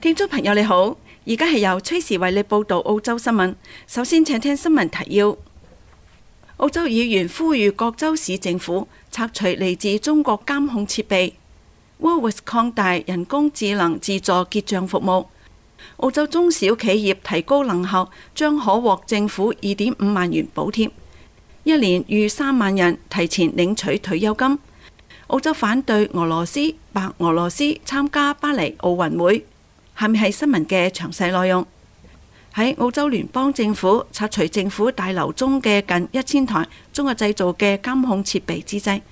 聽眾朋友你好，而家係由崔時為你報道澳洲新聞。首先，請聽新聞提要：澳洲議員呼籲各州市政府拆除嚟自中國監控設備；Woolworths 擴大人工智能自助結賬服務；澳洲中小企業提高能效，將可獲政府二點五萬元補貼；一年逾三萬人提前領取退休金；澳洲反對俄羅斯白俄羅斯參加巴黎奧運會。下面係新聞嘅詳細內容。喺澳洲聯邦政府拆除政府大樓中嘅近一千台中國製造嘅監控設備之際，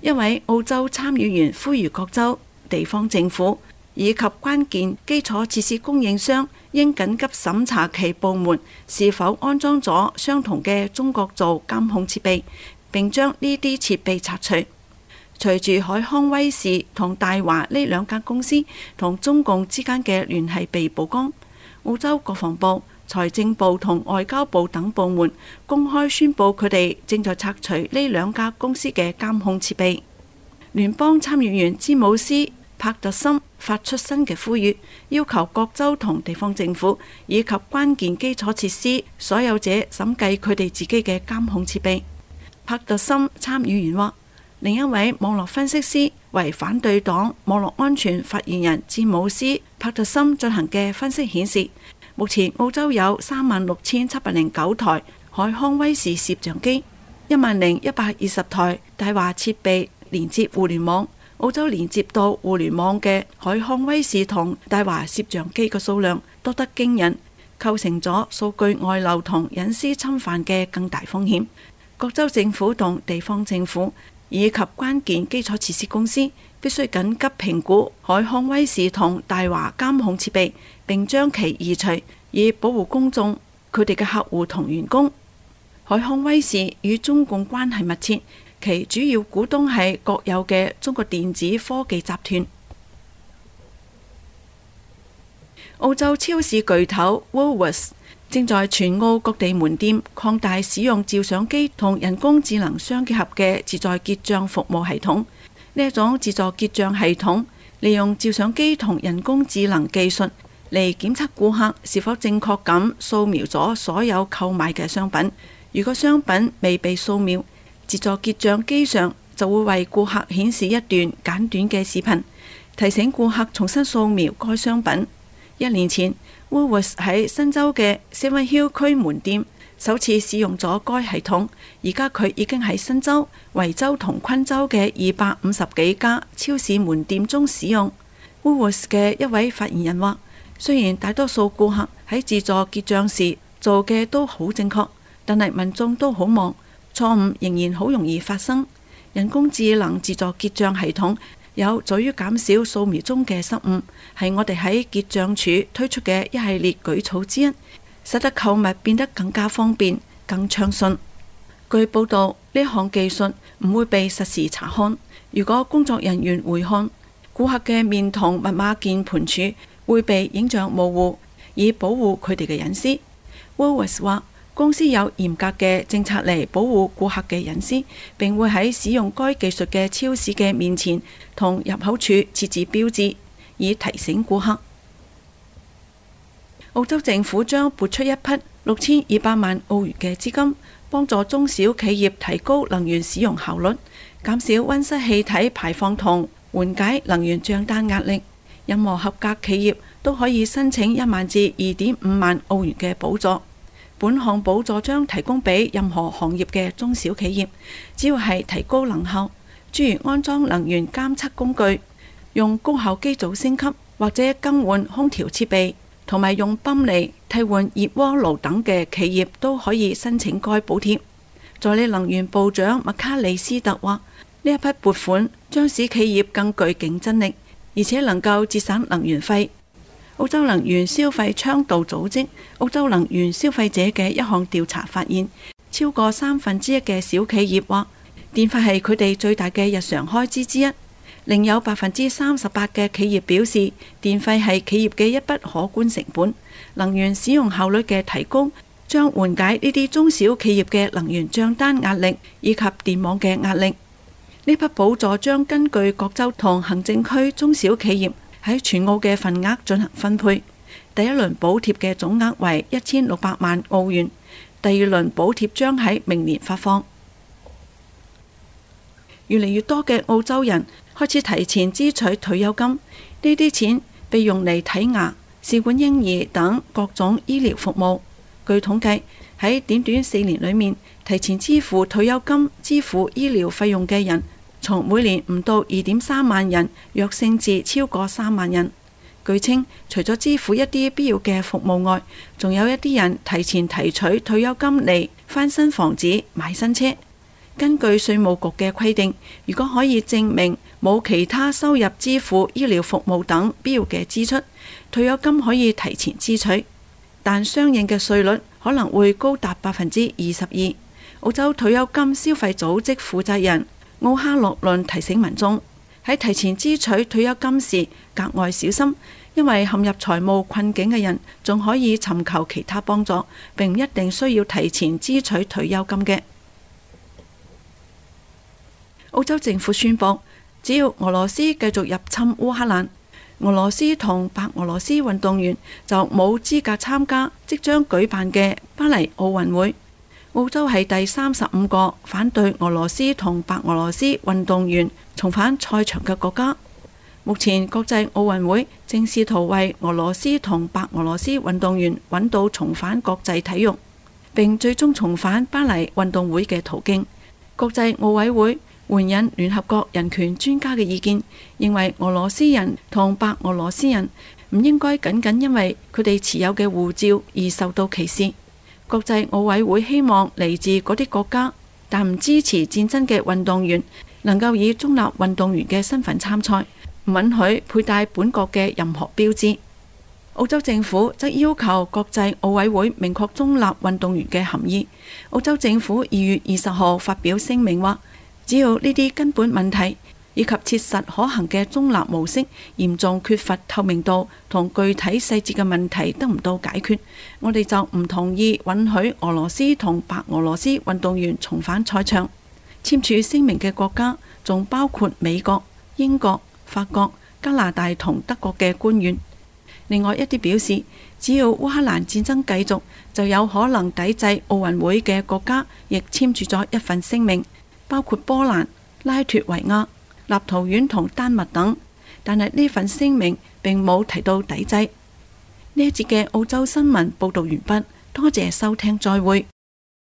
一位澳洲參議員呼籲各州、地方政府以及關鍵基礎設施供應商，應緊急審查其部門是否安裝咗相同嘅中國造監控設備，並將呢啲設備拆除。隨住海康威視同大華呢兩間公司同中共之間嘅聯繫被曝光，澳洲國防部、財政部同外交部等部門公開宣布，佢哋正在拆除呢兩家公司嘅監控設備。聯邦參議員詹姆斯·帕特森發出新嘅呼籲，要求各州同地方政府以及關鍵基礎設施所有者審計佢哋自己嘅監控設備。帕特森參議員話：另一位網絡分析師為反對黨網絡安全發言人詹姆斯帕特森進行嘅分析顯示，目前澳洲有三萬六千七百零九台海康威視攝像機，一萬零一百二十台大華設備連接互聯網。澳洲連接到互聯網嘅海康威視同大華攝像機嘅數量多得驚人，構成咗數據外流同隱私侵犯嘅更大風險。各州政府同地方政府，以及關鍵基礎設施公司必須緊急評估海康威視同大華監控設備，並將其移除，以保護公眾、佢哋嘅客戶同員工。海康威視與中共關係密切，其主要股東係國有嘅中國電子科技集團。澳洲超市巨頭 Woolworths。正在全澳各地門店擴大使用照相機同人工智能相結合嘅自助結賬服務系統。呢一種自助結賬系統利用照相機同人工智能技術嚟檢測顧客是否正確咁掃描咗所有購買嘅商品。如果商品未被掃描，自助結賬機上就會為顧客顯示一段簡短嘅視頻，提醒顧客重新掃描該商品。一年前 Woolworths 喺新州嘅 Seven Hills 區門店首次使用咗該系統。而家佢已經喺新州、維州同昆州嘅二百五十幾家超市門店中使用。Woolworths 嘅一位發言人話：雖然大多數顧客喺自助結帳時做嘅都好正確，但係民眾都好忙，錯誤仍然好容易發生。人工智能自助結帳系統，有助於減少掃描中嘅失誤，係我哋喺結帳處推出嘅一系列舉措之一，使得購物變得更加方便、更暢順。據報導，呢項技術唔會被實時查看，如果工作人員回看，顧客嘅面同密碼鍵盤處會被影像模糊，以保護佢哋嘅隱私。Woolworths 話。公司有嚴格嘅政策嚟保護顧客嘅隱私，並會喺使用該技術嘅超市嘅面前同入口處設置標誌，以提醒顧客。澳洲政府將撥出一筆六千二百萬澳元嘅資金，幫助中小企業提高能源使用效率，減少温室氣體排放同緩解能源帳單壓力。任何合格企業都可以申請一萬至二點五萬澳元嘅補助。本項補助將提供俾任何行業嘅中小企業，只要係提高能效，諸如安裝能源監測工具、用高效機組升級或者更換空調設備，同埋用泵嚟替換熱鍋爐等嘅企業都可以申請該補貼。助理能源部長麥卡里斯特話：呢一筆撥款將使企業更具競爭力，而且能夠節省能源費。澳洲能源消費倡導組織澳洲能源消費者嘅一項調查發現，超過三分之一嘅小企業話電費係佢哋最大嘅日常開支之一。另有百分之三十八嘅企業表示，電費係企業嘅一筆可觀成本。能源使用效率嘅提供將緩解呢啲中小企業嘅能源賬單壓力以及電網嘅壓力。呢筆補助將根據各州同行政區中小企業喺全澳嘅份額進行分配，第一輪補貼嘅總額為一千六百萬澳元，第二輪補貼將喺明年發放。越嚟越多嘅澳洲人開始提前支取退休金，呢啲錢被用嚟睇牙、試管嬰兒等各種醫療服務。據統計，喺短短四年裏面，提前支付退休金、支付醫療費用嘅人。從每年唔到二點三萬人，躍升至超過三萬人。據稱，除咗支付一啲必要嘅服務外，仲有一啲人提前提取退休金嚟翻新房子、買新車。根據稅務局嘅規定，如果可以證明冇其他收入支付醫療服務等必要嘅支出，退休金可以提前支取，但相應嘅稅率可能會高達百分之二十二。澳洲退休金消費組織負責人。奧哈洛倫提醒民眾喺提前支取退休金時格外小心，因為陷入財務困境嘅人仲可以尋求其他幫助，並唔一定需要提前支取退休金嘅。澳洲政府宣佈，只要俄羅斯繼續入侵烏克蘭，俄羅斯同白俄羅斯運動員就冇資格參加即將舉辦嘅巴黎奧運會。澳洲係第三十五個反對俄羅斯同白俄羅斯運動員重返賽場嘅國家。目前國際奧運會正試圖為俄羅斯同白俄羅斯運動員揾到重返國際體育，並最終重返巴黎運動會嘅途徑。國際奧委會援引聯合國人權專家嘅意見，認為俄羅斯人同白俄羅斯人唔應該僅僅因為佢哋持有嘅護照而受到歧視。國際奧委會希望嚟自嗰啲國家，但唔支持戰爭嘅運動員能夠以中立運動員嘅身份參賽，唔允許佩戴本國嘅任何標誌。澳洲政府則要求國際奧委會明確中立運動員嘅含義。澳洲政府二月二十號發表聲明話，只要呢啲根本問題以及切實可行嘅中立模式，嚴重缺乏透明度同具體細節嘅問題得唔到解決，我哋就唔同意允許俄羅斯同白俄羅斯運動員重返賽場。簽署聲明嘅國家仲包括美國、英國、法國、加拿大同德國嘅官員。另外一啲表示，只要烏克蘭戰爭繼續，就有可能抵制奧運會嘅國家，亦簽署咗一份聲明，包括波蘭、拉脱維亞。立陶宛同丹麥等，但係呢份聲明並冇提到抵制。呢一節嘅澳洲新聞報導完畢，多謝收聽，再會。